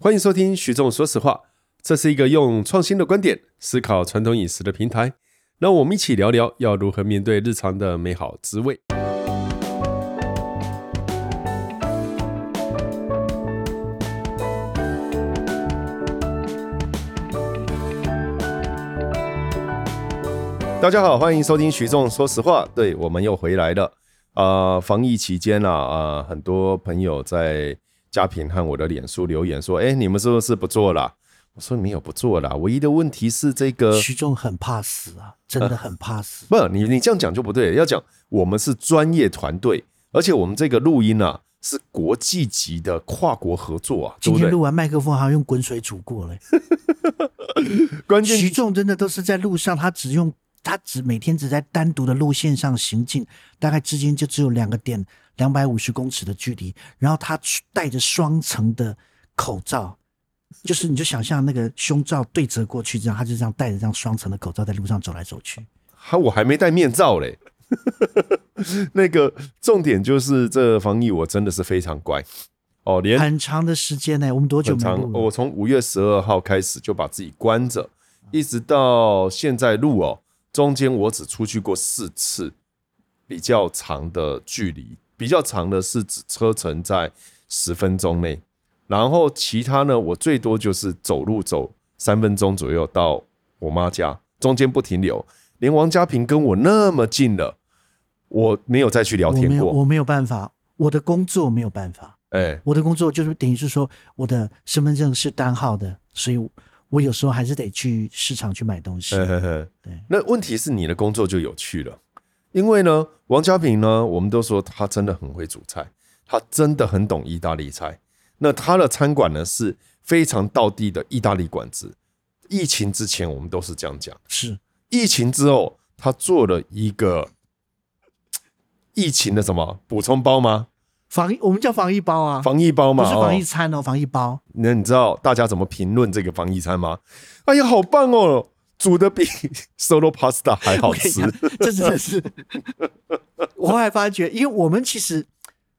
歡迎收聽徐仲說實話，這是一個用創新的觀點思考傳統飲食的平台。讓我們一起聊聊要如何面對日常的美好滋味。大家好，歡迎收聽徐仲說實話，對，我們又回來了。啊、呃，防疫期間啊，啊、呃，很多朋友在。嘉平和我的臉書留言說：“哎、欸，你們是不是不做了？”我說：“沒有不做了，唯一的問題是這個徐仲很怕死啊，真的很怕死。啊、不，你你這樣講就不對了，要講我們是專業團隊，而且我們這個錄音啊是國際級的跨國合作啊，今天錄完麥克風好像用滾水煮過了、欸， 關鍵鍵 徐仲真的都是在路上，他只用。”他只每天只在單獨的路線上行進，大概之間就只有兩個點，兩百五十公尺的距離。然後他戴着雙層的口罩，就是你就想象那個胸罩對折過去這樣，他就這樣戴着這樣雙層的口罩在路上走來走去。哈，我還沒戴面罩嘞。 那個重點就是這防疫，我真的是非常乖哦，連很長的時間呢。我們多久？我從五月十二號開始就把自己關着，哦、一直到現在錄哦。中間我只出去過四次，比較長的距離，比較長的是指車程在十分鐘內，然後其他呢，我最多就是走路走三分鐘左右到我媽家，中間不停留，連王家平跟我那麼近了，我沒有再去聊天過，我沒，我沒有辦法，我的工作沒有辦法，哎、欸，我的工作就是等於是說我的身份證是單號的，所以。我有時候還是得去市場去買東西。嘿嘿嘿對，那問題是你的工作就有趣了，因為呢，王家平呢，我們都說他真的很會煮菜，他真的很懂意大利菜，那他的餐館呢，是非常道地的意大利館子。疫情之前我們都是這樣講，是疫情之後他做了一個疫情的什麼補充包嗎？防疫我們叫防疫包啊，防疫包嘛，不是防疫餐，哦，哦防疫包。那你知道大家怎麼評論這個防疫餐嗎？哎呀，好棒哦，煮的比 Solo Pasta 還好吃，真的是。 我還發覺，因為我們其實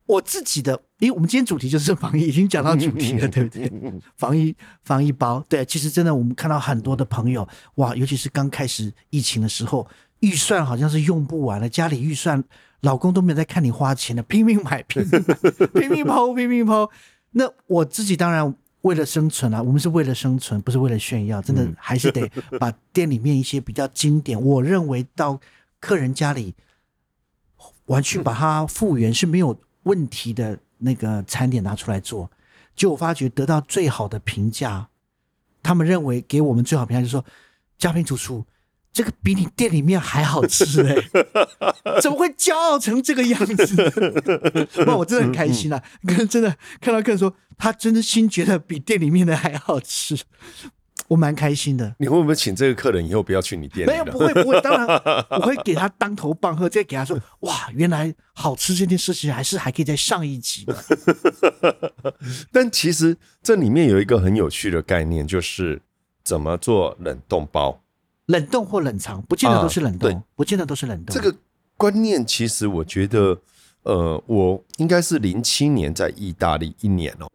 我自己的，因為我們今天主題就是防疫， 已經講到主題了，對不對？防疫防疫包，對，其實真的我們看到很多的朋友哇，尤其是剛開始疫情的時候。預算好像是用不完了，家裡預算，老公都沒有在看你花錢了，拼命買，拼命買， 拼命拋，拼命拋。那我自己當然為了生存啊，我們是為了生存，不是為了炫耀，真的還是得把店裡面一些比較經典， 我認為到客人家裡完全把它復原是沒有問題的那個餐點拿出來做，就我發覺得到最好的評價，他們認為給我們最好評價就是說，家庭主廚。這個比你店裡面還好吃哎、欸！ 怎麼會驕傲成這個樣子？那 我真的很開心啊！客、嗯、真的看到客人說，他真的心覺得比店裡面的還好吃，我蠻開心的。你會不會請這個客人以後不要去你店裡？沒有，不會不會。當然我會給他當頭棒喝，再給他說：哇，原來好吃這件事情還是還可以再上一級的。 但其實這裡面有一個很有趣的概念，就是怎麼做冷凍包。冷凍或冷藏，不見得都是冷凍，啊、不見得都是冷凍。這個觀念其實，我覺得，呃，我應該是零七年在意大利一年哦，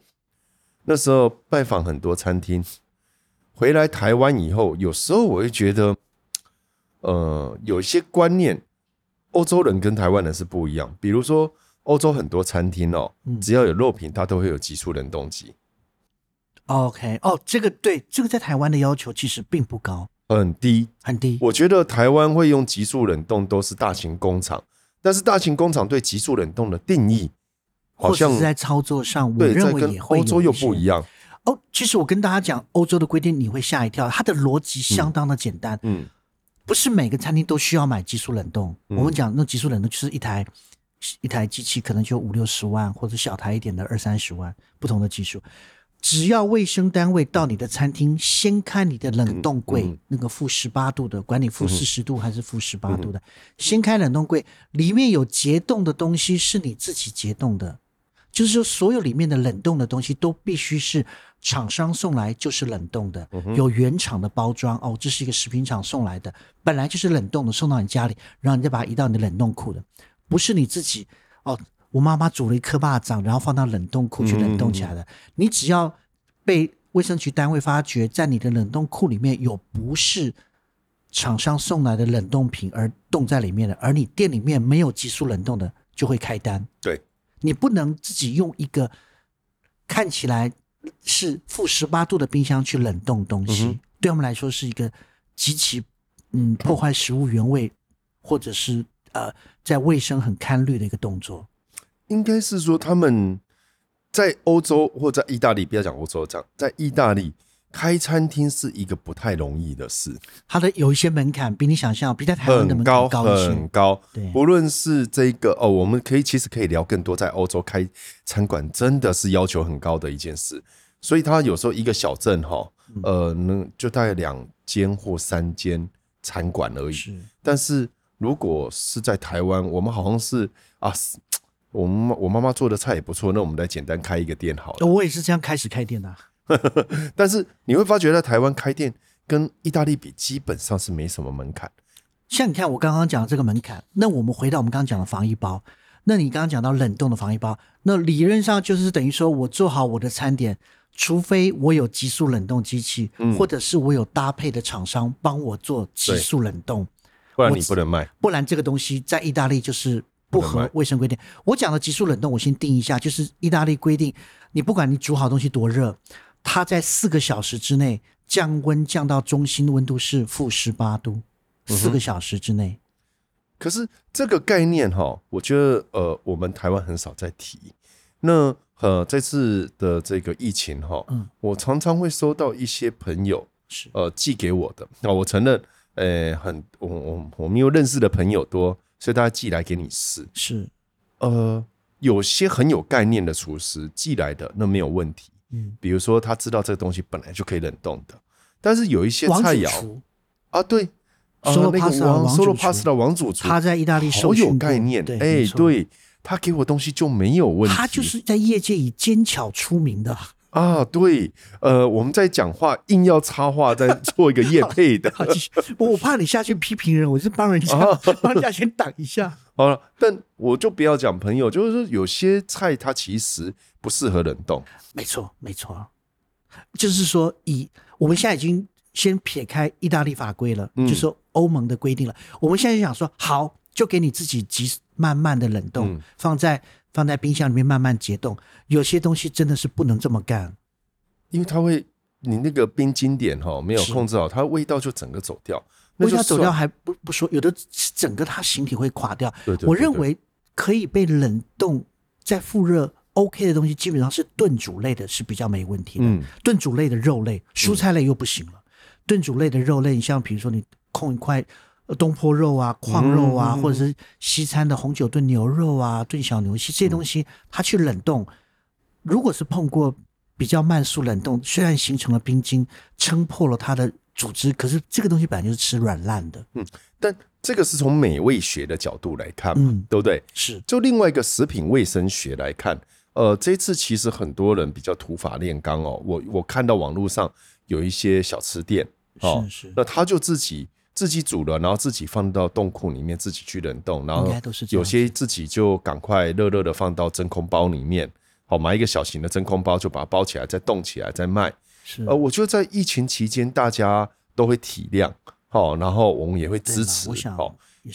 那時候拜訪很多餐廳，回來台灣以後，有時候我會覺得，呃，有一些觀念，歐洲人跟台灣人是不一樣。比如說，歐洲很多餐廳哦，嗯、只要有肉品，它都會有急速冷凍機。OK，哦，這個對，這個在台灣的要求其實並不高。很低很低，很低，我覺得台灣會用急速冷凍都是大型工廠，但是大型工廠對急速冷凍的定義，好像是在操作上，對我認為也歐洲又不一樣、哦。其實我跟大家講歐洲的規定，你會嚇一跳，它的邏輯相當的簡單。嗯，嗯不是每個餐廳都需要買急速冷凍。嗯、我們講那急速冷凍就是一台一台機器，可能就五六十萬，或者小台一點的二三十萬，不同的技術。只要衛生單位到你的餐廳，先開你的冷凍櫃，嗯嗯、那個負十八度的，管你負四十度還是負十八度的，嗯嗯嗯、先開冷凍櫃，裡面有解凍的東西是你自己解凍的，就是說所有裡面的冷凍的東西都必須是廠商送來就是冷凍的，嗯嗯、有原廠的包裝哦，這是一個食品廠送來的，本來就是冷凍的，送到你家裡，然後你再把它移到你的冷凍庫的，不是你自己哦。我媽媽煮了一顆巴掌，然後放到冷凍庫去冷凍起來的。嗯嗯嗯。你只要被衛生局單位發覺，在你的冷凍庫裡面有不是廠商送來的冷凍品而凍在裡面的，而你店裡面沒有急速冷凍的，就會開單。對，你不能自己用一個看起來是負十八度的冰箱去冷凍東西，嗯嗯，對我們來說是一個極其嗯破壞食物原味，嗯、或者是呃在衛生很堪慮的一個動作。應該是說，他們在歐洲或在意大利，不要講歐洲，這樣在意大利開餐廳是一個不太容易的事。它的有一些門檻比你想象，比在台灣的門檻高很高。很高對，無論是這個哦，我們可以其實可以聊更多。在歐洲開餐館真的是要求很高的一件事，所以它有時候一個小鎮哈，呃，那就大概兩間或三間餐館而已。是，但是如果是在台灣，我們好像是啊。我我媽媽做的菜也不錯，那我們來簡單開一個店好了。我也是這樣開始開店的、啊。 但是你會發覺在台灣開店跟意大利比，基本上是沒什麼門檻。像你看我剛剛講的這個門檻，那我們回到我們剛剛講的防疫包，那你剛剛講到冷凍的防疫包，那理論上就是等於說我做好我的餐點，除非我有急速冷凍機器，嗯、或者是我有搭配的廠商幫我做急速冷凍，不然你不能賣。不然這個東西在意大利就是。不合衛生規定。我講的急速冷凍，我先定一下，就是意大利規定，你不管你煮好東西多熱，它在四個小時之內降溫降到中心溫度是負十八度，四個小時之內、嗯。可是這個概念哈，我覺得呃，我們台灣很少再提。那呃，這次的這個疫情哈，嗯、我常常會收到一些朋友呃寄給我的。那、呃、我承認，呃，很我我我沒有認識的朋友多。所以大家寄來給你試是，呃，有些很有概念的廚師寄來的那沒有問題，嗯，比如說他知道這個東西本來就可以冷凍的，但是有一些菜肴啊，對，Solo Pasta，Solo Pasta 的王主廚他在意大利受訓過，很有概念，哎，對他給我東西就沒有問題，他就是在業界以精巧出名的。啊，對，呃，我們在講話，硬要插話，再做一個業配的 。我怕你下去批評人，我是幫人家、啊、幫人家先擋一下。好了，但我就不要講朋友，就是說有些菜它其實不適合冷凍。沒錯，沒錯。就是說以，以我們現在已經先撇開意大利法規了，嗯、就是說歐盟的規定了。我們現在想說，好，就給你自己幾。慢慢的冷凍，放在放在冰箱裡面慢慢解凍。嗯、有些東西真的是不能這麼幹，因為它會你那個冰晶點哈沒有控制好，是它味道就整個走掉。味道走掉還不不說，有的整個它形體會垮掉。對對對對對，我認為可以被冷凍再復熱 OK 的東西，基本上是燉煮類的，是比較沒問題的。燉、嗯、煮類的肉類、蔬菜類又不行了。燉、嗯、煮類的肉類，你像比如說你控一塊。東坡肉啊，爌肉啊，嗯、或者是西餐的紅酒燉牛肉啊，燉小牛膝這些東西，它去冷凍，嗯、如果是碰過比較慢速冷凍，雖然形成了冰晶，撐破了它的組織，可是這個東西本來就是吃軟爛的。嗯，但這個是從美味學的角度來看，嗯，對不對？是。就另外一個食品衛生學來看，呃，這次其實很多人比較土法煉鋼哦，我我看到網絡上有一些小吃店，哦，是是那他就自己。自己煮了，然後自己放到凍庫裡面，自己去冷凍。然後有些自己就趕快熱熱的放到真空包裡面，好買一個小型的真空包就把它包起來，再凍起來再賣。是，呃，我覺得在疫情期間大家都會體諒，然後我們也會支持，是。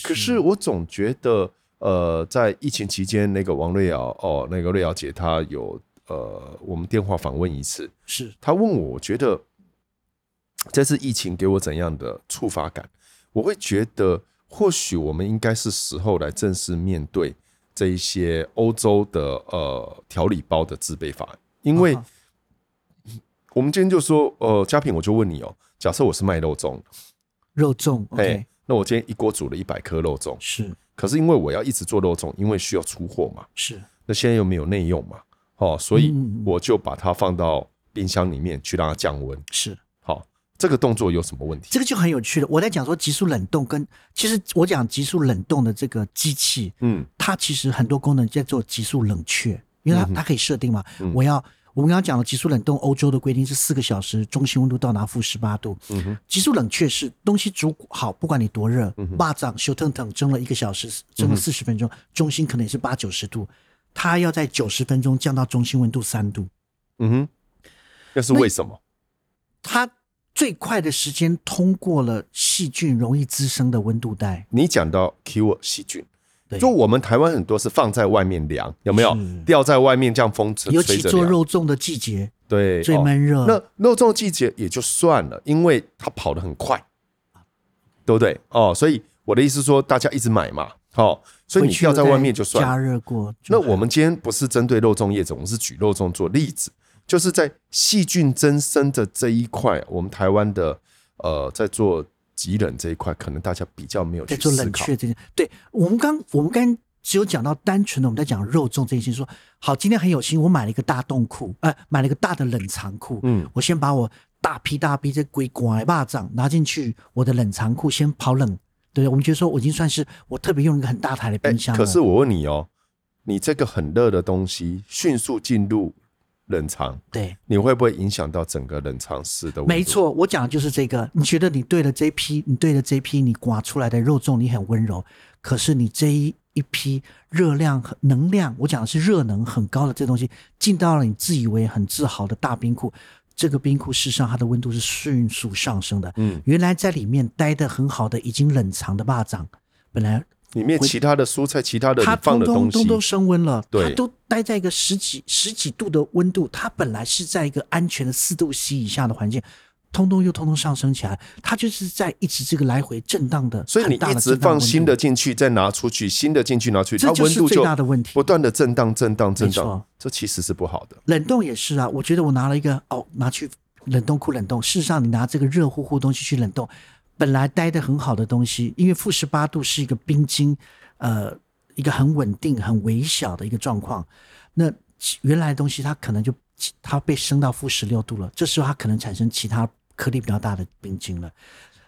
可是我總覺得，呃，在疫情期間，那個王瑞瑤，哦、呃，那個瑞瑤姐她有，呃，我們電話訪問一次，是她問我，我覺得。這次疫情給我怎樣的觸發感？我會覺得，或許我們應該是時候來正式面對這一些歐洲的呃調理包的製備法，因為我們今天就說，呃，佳品，我就問你哦，假設我是賣肉粽，肉粽，對、okay，那我今天一鍋煮了一百顆肉粽，是，可是因為我要一直做肉粽，因為需要出貨嘛，是，那現在又沒有內用嘛，哦，所以我就把它放到冰箱裡面去讓它降溫，嗯嗯，是。這個動作有什麼問題？這個就很有趣了。我在講說急速冷凍跟其實我講急速冷凍的這個機器，嗯，它其實很多功能在做急速冷卻，因為它、嗯、哼它可以設定嘛。嗯、我要我們剛剛講的急速冷凍，歐洲的規定是四個小時中心溫度到達負十八度。急、嗯、哼速冷卻是東西煮好，不管你多熱，嗯、哼巴掌咻騰騰蒸了一個小時，蒸了四十分鐘，嗯、哼中心可能也是八九十度，它要在九十分鐘降到中心溫度三度。嗯哼，那是為什麼？它最快的時間通過了細菌容易滋生的溫度帶。你講到 kill 細菌，對就我們台灣很多是放在外面涼，有沒有是掉在外面這樣風吹，尤其吹着？尤其做肉粽的季節，對，最悶熱、哦。那肉粽的季節也就算了，因為它跑得很快，對不對？哦，所以我的意思說，大家一直買嘛，好、哦，所以你掉在外面就算加熱過。那我們今天不是針對肉粽葉子，我們是舉肉粽做例子。就是在細菌增生的這一塊，我們台灣的呃，在做急冷這一塊，可能大家比較沒有去做冷卻這些。對我們剛我們剛只有講到單純的，我們，我們，講我們在講肉粽這些說，說好，今天很有心，我買了一個大凍庫，哎、呃，買了一個大的冷藏庫，嗯，我先把我大批大批這鬼拐巴掌拿進去我的冷藏庫，先跑冷，對我們覺得說我已經算是我特別用一個很大台的冰箱、欸。可是我問你哦、喔，嗯、你這個很熱的東西迅速進入。冷藏，對，你會不會影響到整個冷藏室的溫度？沒錯，我講的就是這個。你覺得你對了這一批，你對了這一批，你刮出來的肉粽你很溫柔，可是你這一一批熱量和能量，我講的是熱能很高的這東西進到了你自以為很自豪的大冰庫，這個冰庫事實上它的溫度是迅速上升的。嗯，原來在裡面待得很好的、已經冷藏的巴掌，本來。裡面其他的蔬菜，其他的，放的東西它的，通通都升溫了，對它都待在一個十幾十幾度的溫度，它本來是在一個安全的四度 C 以下的環境，通通又通通上升起來，它就是在一直這個來回震盪的、的震。所以你一直放新的進去，再拿出去，新的進去拿出去，這就是最大的問題，不斷的震盪震盪震盪，啊、這其實是不好的。冷凍也是啊，我覺得我拿了一個哦，拿去冷凍庫冷凍，事實上你拿這個熱乎乎東西去冷凍。本來待的很好的東西，因為負十八度是一個冰晶，呃，一個很穩定、很微小的一個狀況。那原來的東西它可能就它被升到負十六度了，這時候它可能產生其他顆粒比較大的冰晶了。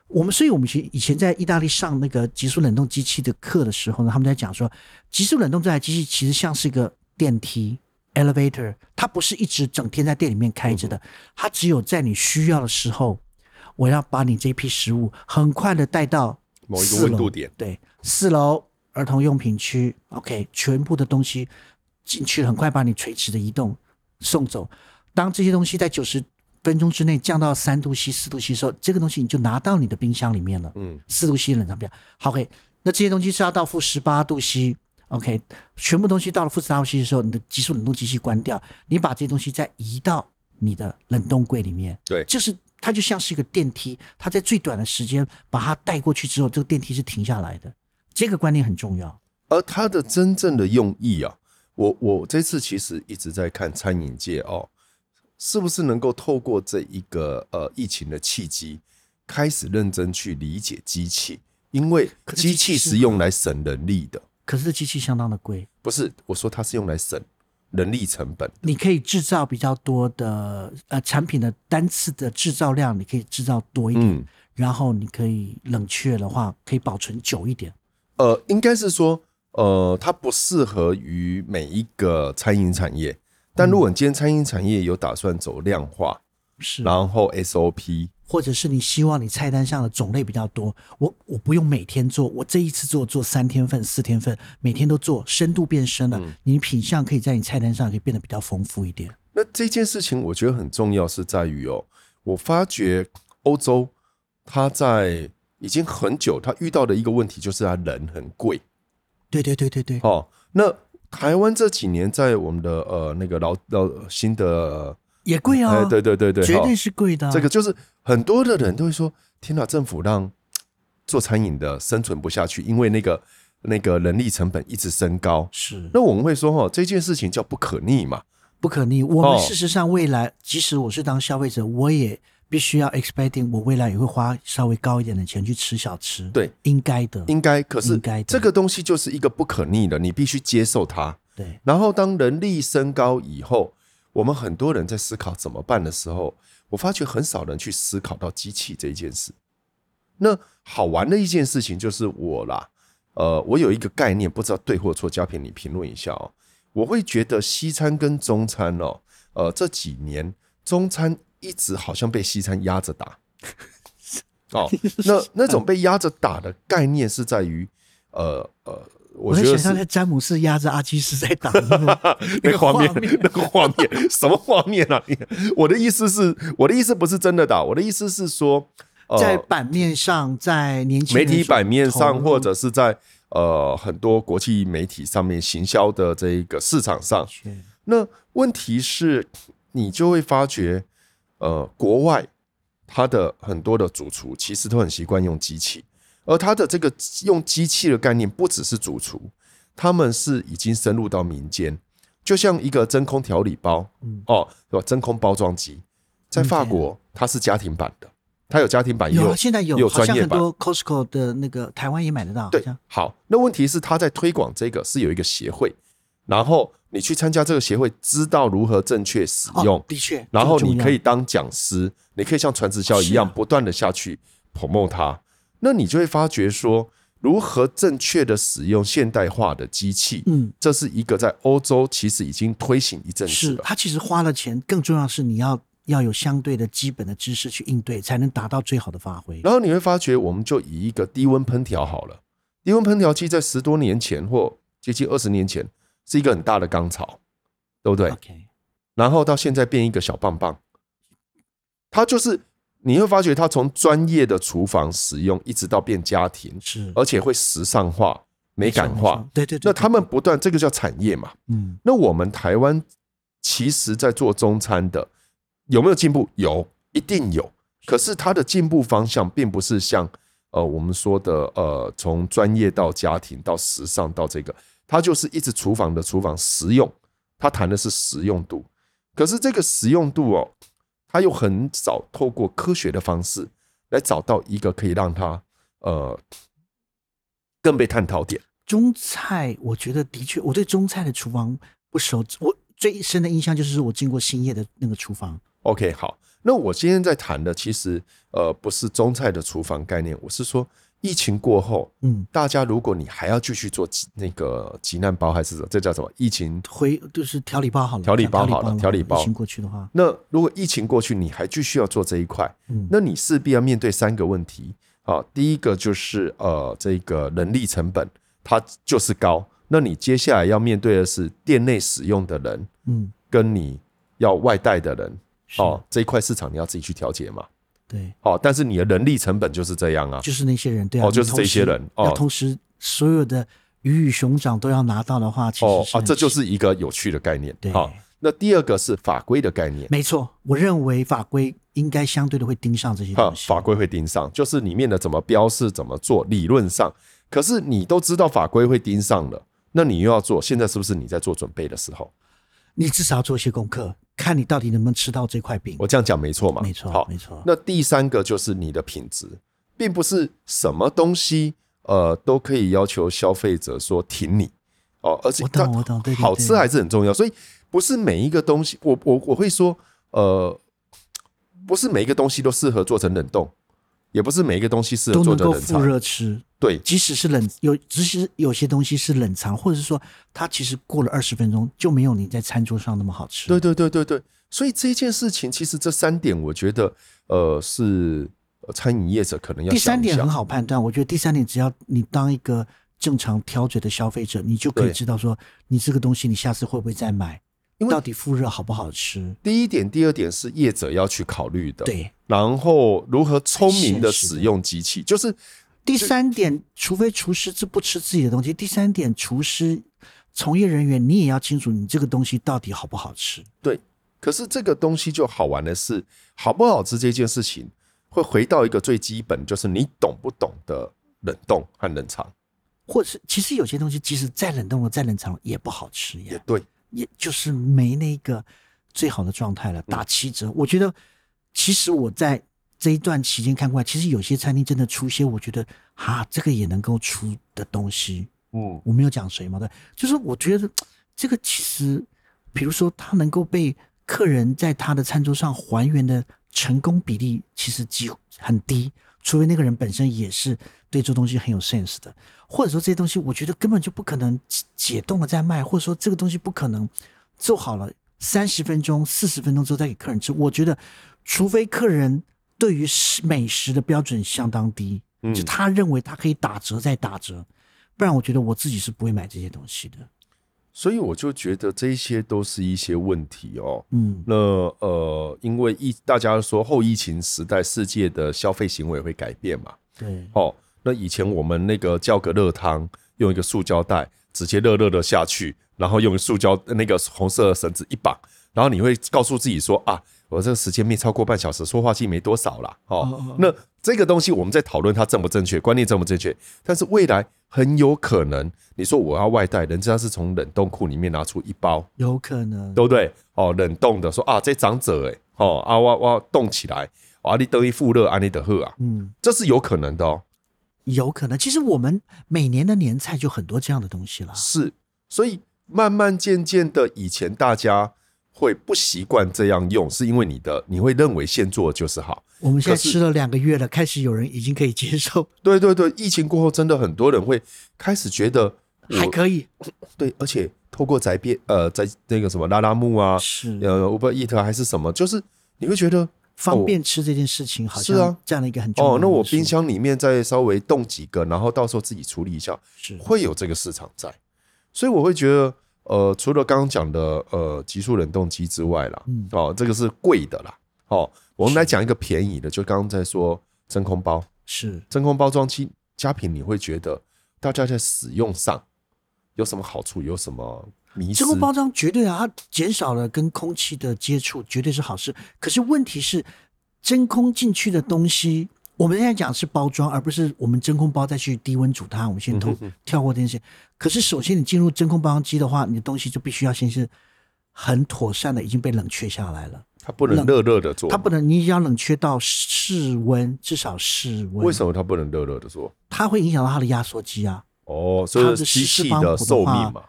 我們，所以我們其以前在意大利上那個急速冷凍機器的課的時候呢，他們在講說，急速冷凍這台機器其實像是一個電梯 （elevator），它不是一直整天在店裡面開着的，嗯、它只有在你需要的時候。我要把你這批食物很快的帶到四樓某一個溫度點，對，四樓兒童用品區，OK，全部的東西進去，很快把你垂直的移動送走。當這些東西在九十分鐘之內降到三度 C、四度 C 的時候，這個東西你就拿到你的冰箱裡面了。嗯，四度 C 冷藏冰箱，好，OK，那這些東西是要到負十八度 C，OK，OK，全部東西到了負十八度 C 的時候，你的急速冷凍機器關掉，你把這些東西再移到你的冷凍櫃裡面。對，就是。它就像是一個電梯，它在最短的時間把它帶過去之後，這個電梯是停下來的。這個觀念很重要。而它的真正的用意啊，我我這次其實一直在看餐飲界哦，是不是能夠透過這一個呃疫情的契機，開始認真去理解機器，因為機器是用來省人力的。可是機器是貴，可是機器相當的貴。不是，我說它是用來省。人力成本，你可以製造比較多的呃產品的單次的製造量，你可以製造多一點，嗯、然後你可以冷卻的話，可以保存久一點。呃，應該是說，呃，它不適合於每一個餐飲產業。但如果你今天餐飲產業有打算走量化，嗯、是，然後 SOP。或者是你希望你菜單上的種類比較多，我我不用每天做，我這一次做做三天份、四天份，每天都做，深度變深了，你品相可以在你菜單上可以變得比較豐富一點、嗯。那這件事情我覺得很重要，是在於哦、喔，我發覺歐洲他在已經很久，他遇到的一個問題就是他人很貴。對對對對對。哦、喔，那台灣這幾年在我們的呃那個老老新的。呃也貴哦、啊嗯、對對對對，絕對是貴的、啊。這個就是很多的人都會說：“天哪，政府讓做餐飲的生存不下去，因為那個那個人力成本一直升高。”是。那我們會說、哦：“哈，這件事情叫不可逆嘛？不可逆。我們事實上未來，哦、即使我是當消費者，我也必須要 expecting，我未來也會花稍微高一點的錢去吃小吃。對，應該的，應該。可是，這個東西就是一個不可逆的，你必須接受它。對。然後，當人力升高以後。我們很多人在思考怎麼辦的時候，我發覺很少人去思考到機器這一件事。那好玩的一件事情就是我啦，呃，我有一個概念，不知道對或錯，嘉平你評論一下哦。我會覺得西餐跟中餐哦，呃，這幾年中餐一直好像被西餐壓着打哦。那那種被壓着打的概念是在於呃呃。呃我在想象在詹姆斯壓着阿基師在打那個畫面，那個畫面什麼畫面啊？我的意思是，我的意思不是真的打，啊，我的意思是說，呃、在版面上，在年輕媒體版面上，或者是在呃很多國際媒體上面行銷的這個市場上，的那問題是，你就會發覺，呃，國外他的很多的主廚其實都很習慣用機器。而它的這個用機器的概念不只是主廚，他們是已經深入到民間，就像一個真空調理包，嗯、哦，真空包裝機，在法國 Okay. 它是家庭版的，它有家庭版有，有，有，有專業版很多 Costco 的那個台灣也買得到。對，好，像好，那問題是他在推廣這個是有一個協會，然後你去參加這個協會，知道如何正確使用，哦、的確，然後你可以當講師，你可以像傳直銷一樣不斷的下去 promote 那你就會發覺說，如何正確的使用現代化的機器，嗯，這是一個在歐洲其實已經推行一陣子了。它其實花了錢，更重要是你要要有相對的基本的知識去應對，才能達到最好的發揮。然後你會發覺，我們就以一個低溫烹調好了，低溫烹調器在十多年前或接近二十年前是一個很大的鋼槽，對不對？然後到現在變一個小棒棒，它就是。你會發覺它從專業的廚房使用，一直到變家庭，是而且會時尚化、美感化。對對對，那他們不斷這個叫產業嘛，嗯。那我們台灣其實，在做中餐的有沒有進步？有，一定有。可是它的進步方向，並不是像呃我們說的呃，從專業到家庭到時尚到這個，它就是一直廚房的廚房實用，它談的是實用度。可是這個實用度哦、喔。他又很少透過科學的方式來找到一個可以讓他呃更被探討點中菜，我覺得的確我對中菜的廚房不熟，我最深的印象就是我進過新業的那個廚房。OK，好，那我今天在談的其實呃不是中菜的廚房概念，我是說。疫情過後，嗯，大家如果你還要繼續做那個急難包，還是這叫什麼？疫情回就是調理包好了，調理包好了，調理包。調理包疫情過去的話，那如果疫情過去，你還繼續要做這一塊，嗯、那你勢必要面對三個問題啊、呃。第一個就是呃，這個人力成本它就是高。那你接下來要面對的是店內使用的人，嗯，跟你要外帶的人哦，呃、是這一塊市場你要自己去調節嘛。對，好、哦，但是你的人力成本就是這樣啊，就是那些人，對啊，哦、就是這些人。那同、同時所有的魚與熊掌都要拿到的話，其實是、哦啊、這就是一個有趣的概念。對，啊、哦，那第二個是法規的概念。沒錯，我認為法規應該相對的會盯上這些東西。法規會盯上，就是裡面的怎麼標示、怎麼做，理論上。可是你都知道法規會盯上了，那你又要做，現在是不是你在做準備的時候，你至少要做一些功課。看你到底能不能吃到這塊餅，我這樣講沒錯嘛？沒錯錯，好，沒錯錯。那第三個就是你的品質，並不是什麼東西呃都可以要求消費者說挺你哦、呃，而且它好吃還是很重要。所以不是每一個東西，我我我會說呃，不是每一個東西都適合做成冷凍。也不是每一個東西是做的冷藏都能夠復熱吃。對，即使是冷有，即使有些東西是冷藏，或者是說它其實過了二十分鐘就沒有你在餐桌上那麼好吃。對對對對對，所以這件事情其實這三點，我覺得呃是呃餐飲業者可能要笑笑。第三點很好判斷，我覺得第三點只要你當一個正常挑嘴的消費者，你就可以知道說你這個東西你下次會不會再買。到底復熱好不好吃？第一點、第二點是業者要去考慮的。對，然後如何聰明的使用機器，就是第三點。就除非廚師是不吃自己的東西。第三點，廚師從業人員，你也要清楚，你這個東西到底好不好吃。對。可是這個東西就好玩的是，好不好吃這件事情，會回到一個最基本，就是你懂不懂的冷凍和冷藏，或者是其實有些東西，即使再冷凍了、再冷藏了，也不好吃呀。也對。也就是沒那個最好的狀態了，打七折。嗯、我覺得，其實我在這一段期間看過來，其實有些餐廳真的出些，我覺得哈、啊，這個也能夠出的東西。嗯，我沒有講誰嘛，對，就是我覺得這個其實，比如說他能夠被客人在他的餐桌上還原的成功比例，其實幾乎很低，除非那個人本身也是。對這東西很有 sense 的，或者說這些東西，我覺得根本就不可能解凍了再賣，或者說這個東西不可能做好了三十分鐘、四十分鐘之後再給客人吃。我覺得，除非客人對於食美食的標準相當低，就他認為他可以打折再打折，嗯、不然我覺得我自己是不會買這些東西的。所以我就覺得這些都是一些問題哦。嗯，那呃，因為疫大家說後疫情時代世界的消費行為會改變嘛？對，哦。那以前我們那個叫個熱湯，用一個塑膠袋直接熱熱的下去，然後用塑膠那個紅色繩子一綁，然後你會告訴自己說啊，我這個時間沒超過半小時，說話機沒多少了哦。那這個東西我們在討論它正不正確，觀念正不正確？但是未來很有可能，你說我要外帶，人家是從冷凍庫裡面拿出一包，有可能，對不對？哦，冷凍的說，說啊，這長者哎，哦啊哇哇凍起來，啊你等一復熱，啊你等熱嗯，這是有可能的哦、喔。有可能，其實我們每年的年菜就很多這樣的東西了。是，所以慢慢漸漸的，以前大家會不習慣這樣用，是因為你的你會認為現做就是好。我們現在吃了兩個月了，是開始有人已經可以接受。對對對，疫情過後，真的很多人會開始覺得還可以。對，而且透過宅便呃，在那個什麼拉拉木啊，呃的，Uber Eats 還是什麼，就是你會覺得。方便吃這件事情，好像是啊這樣的一個很重要的哦，啊、哦，那我冰箱裡面再稍微凍幾個，然後到時候自己處理一下，是會有這個市場在。所以我會覺得，呃，除了剛剛講的呃急速冷凍機之外啦，嗯、哦，這個是貴的啦。哦，我們來講一個便宜的，是就剛剛在說真空包，是真空包裝機。佳品，你會覺得大家在使用上有什麼好處？有什麼？迷真空包裝絕對啊，它減少了跟空氣的接觸，絕對是好事。可是問題是，真空進去的東西，我們現在講是包裝，而不是我們真空包再去低溫煮它。我們先跳跳過這些 可是首先你進入真空包裝機的話，你的東西就必須要先是很妥善的已經被冷卻下來了。它不能熱熱的做，它不能你只要冷卻到室溫，至少室溫。為什麼它不能熱熱的做？它會影響到它的壓縮機啊。哦，所以它的機器的壽命嘛。嗯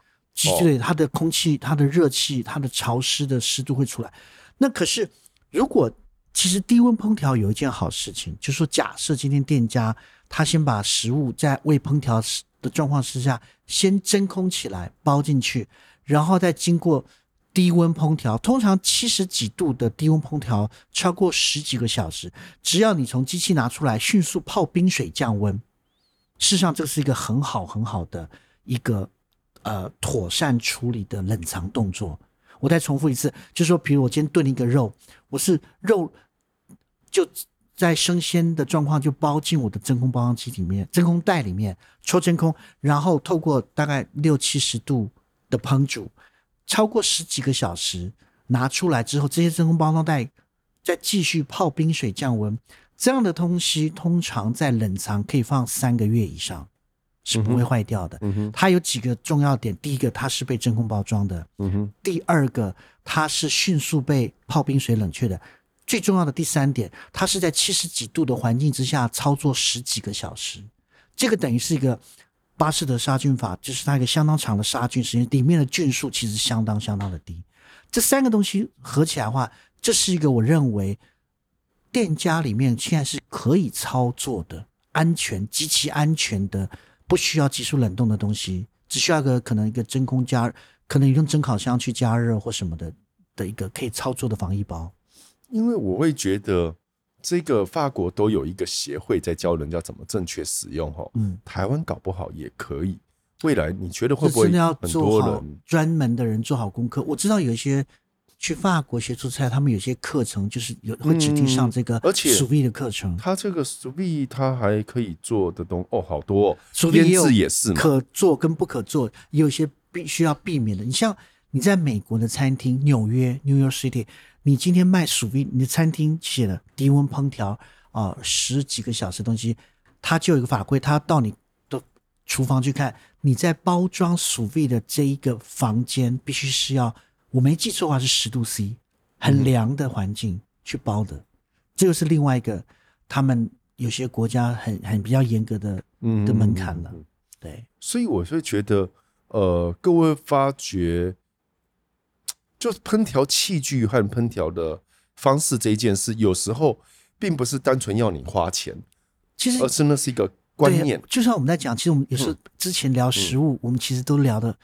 對，它的空氣、它的熱氣、它的潮濕的濕度會出來。那可是，如果其實低溫烹調有一件好事情，就是說，假設今天店家他先把食物在未烹調的狀況之下先真空起來包進去，然後再經過低溫烹調，通常七十幾度的低溫烹調超過十幾個小時，只要你從機器拿出來迅速泡冰水降溫，事實上這是一個很好很好的一個。呃，妥善處理的冷藏動作，我再重複一次，就是說，比如我今天燉一個肉，我是肉就在生鮮的狀況就包進我的真空包裝機裡面、真空袋裡面抽真空，然後透過大概六七十度的烹煮，超過十幾個小時拿出來之後，這些真空包裝袋再繼續泡冰水降溫，這樣的東西通常在冷藏可以放三個月以上。是不會壞掉的。嗯哼它有幾個重要點，第一個，它是被真空包裝的；嗯哼第二個，它是迅速被泡冰水冷卻的；最重要的第三點，它是在七十幾度的環境之下操作十幾個小時。這個等於是一個巴氏的殺菌法，就是它一個相當長的殺菌時間，裡面的菌數其實相當相當的低。這三個東西合起來的話，這是一個我認為店家裡面現在是可以操作的、安全極其安全的。不需要急速冷凍的東西，只需要一個可能一個真空加，可能用蒸烤箱去加熱或什麼的的一個可以操作的防疫包，因為我會覺得這個法國都有一個協會在教人家怎麼正確使用哈，嗯，台灣搞不好也可以，未來你覺得會不會很多人、嗯、真的要做好專門的人做好功課？我知道有一些。去法國學做菜，他們有些課程就是有會指定上這個舒肥的課程。嗯、他這個舒肥，他還可以做的東西哦好多。舒肥也是可做跟不可做，也有些必須要避免的。你像你在美國的餐廳，紐約 （New York City），你今天賣舒肥，你的餐廳寫的低溫烹調啊、呃，十幾個小時的東西，他就有一個法規，他到你的廚房去看，你在包裝舒肥的這一個房間必須是要。我沒記錯的話是十度 C，很涼的環境去包的，嗯、這就是另外一個他們有些國家很很比較嚴格的的門檻了。嗯嗯嗯、對，所以我會覺得，呃，各位發覺，就是烹調器具和烹調的方式這一件事，有時候並不是單純要你花錢，其實而是那是一個觀念、啊。就像我們在講，其實我們有時候之前聊食物，嗯、我們其實都聊的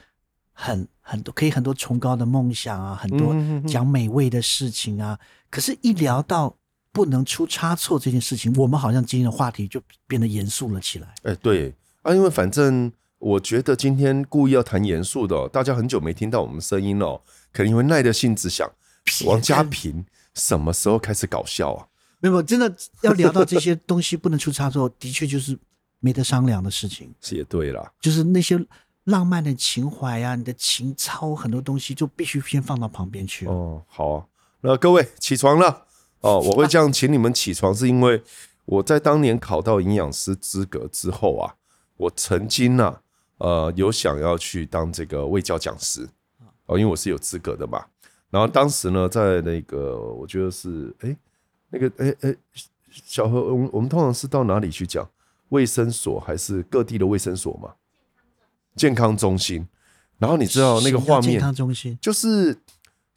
很。很多可以很多崇高的夢想啊，很多講美味的事情啊，嗯、哼哼可是，一聊到不能出差錯這件事情，我們好像今天的話題就變得嚴肅了起來。哎、欸，對啊，因為反正我覺得今天故意要談嚴肅的、哦，大家很久沒聽到我們聲音了、哦，可能因為耐着性子，想別王家平什麼時候開始搞笑啊？沒有，真的要聊到這些東西不能出差錯， 的確就是沒得商量的事情。是也對啦，就是那些。浪漫的情懷啊，你的情操很多東西就必須先放到旁邊去哦、嗯，好、啊，那各位起床了哦。我會這樣請你們起床，啊、是因為我在當年考到營養師資格之後啊，我曾經啊呃，有想要去當這個衛教講師哦，因為我是有資格的嘛。然後當時呢，在那個我覺得是哎、欸，那個哎哎、欸欸，小何，我們我們通常是到哪裡去講衛生所還是各地的衛生所嘛？健康中心，然後你知道那個畫面，就是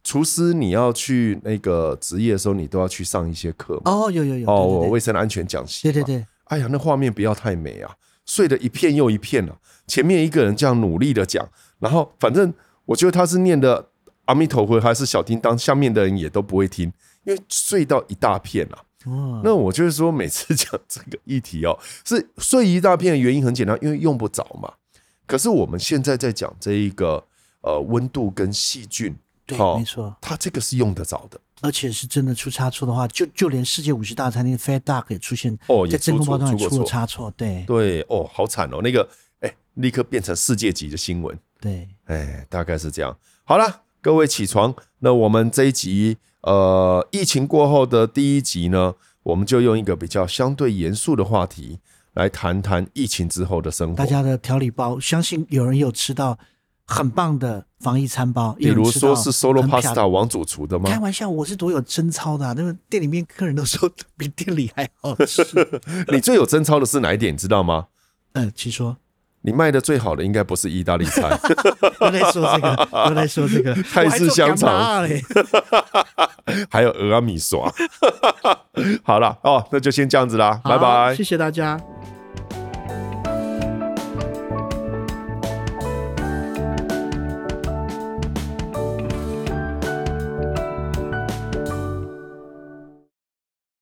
廚師，你要去那個職業的時候，你都要去上一些課哦，oh, 有有有哦，衛生安全講習，對對對，哎呀，那畫面不要太美啊，睡得一片又一片了。啊，前面一個人這樣努力的講，然後反正我覺得他是念的阿彌陀佛還是小叮當，下面的人也都不會聽，因為睡到一大片了。啊。Oh. 那我就是說，每次講這個議題哦、喔，是睡一大片的原因很簡單，因為用不着嘛。可是我們現在在講這一個呃溫度跟細菌，對，哦、沒錯，它這個是用得着的，而且是真的出差錯的話，就就連世界五十大餐廳 Fat Duck 也出現哦，在真空包裝也出，出，也出差錯，對對，哦，好慘哦，那個、欸、立刻變成世界級的新聞，對，大概是這樣。好了，各位起床，那我們這一集呃疫情過後的第一集呢，我們就用一個比較相對嚴肅的話題。來談談疫情之後的生活。大家的調理包，相信有人有吃到很棒的防疫餐包，嗯、比如說是 Solo Pasta 王主廚的嗎？開玩笑，我是多有貞操的、啊，那個店裡面客人都說比店裡還好吃。 你最有貞操的是哪一點，你知道嗎？嗯，請說。你賣的最好的應該不是意大利菜。 我來說這個，我來說這個泰式香腸， 還有蚵仔麵線。 好了哦，那就先這樣子啦，好拜拜，謝謝大家。